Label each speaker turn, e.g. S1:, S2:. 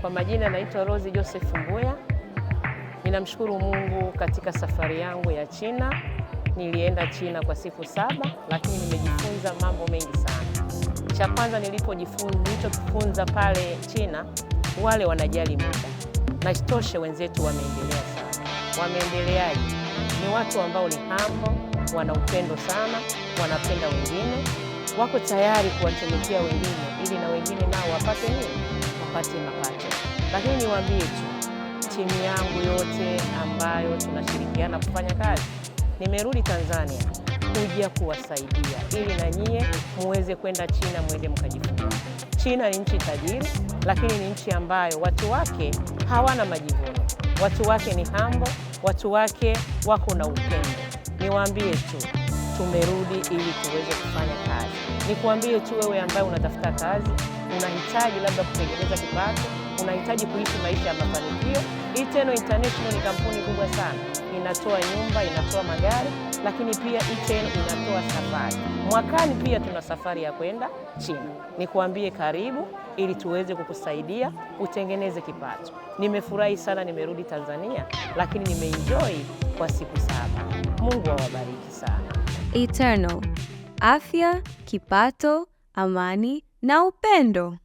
S1: Kwa majina naitwa Rose Joseph Mbuya. Ninamshukuru Mungu katika safari yangu ya China. Nilienda China kwa siku saba, lakini nimejifunza mambo mengi sana. Cha kwanza nilichojifunza pale China, wale wanajali muda na isitoshe, wenzetu wameendelea sana. Wameendeleaje? Ni watu ambao ni hambo wana upendo sana, wanapenda wengine, wako tayari kuwatumikia wengine ili na wengine nao wapate nini wapate mapato. Lakini niwaambie tu timu yangu yote ambayo tunashirikiana kufanya kazi, nimerudi Tanzania kuja kuwasaidia ili na nyie muweze kwenda China mwende mkajifunza. China ni nchi tajiri, lakini ni nchi ambayo watu wake hawana majivuno, watu wake ni hambo, watu wake wako na upendo. Niwaambie tu tumerudi ili tuweze kufanya kazi. Nikuambie tu wewe ambaye unatafuta kazi unahitaji labda kutengeneza kipato, unahitaji kuishi maisha ya mafanikio. Eternal International ni kampuni kubwa sana, inatoa nyumba, inatoa magari, lakini pia Eternal inatoa safari. Mwakani pia tuna safari ya kwenda China. Nikuambie karibu, ili tuweze kukusaidia utengeneze kipato. Nimefurahi sana, nimerudi Tanzania, lakini nimeenjoy kwa siku saba. Mungu awabariki sana. Eternal, afya, kipato, amani Não pendo.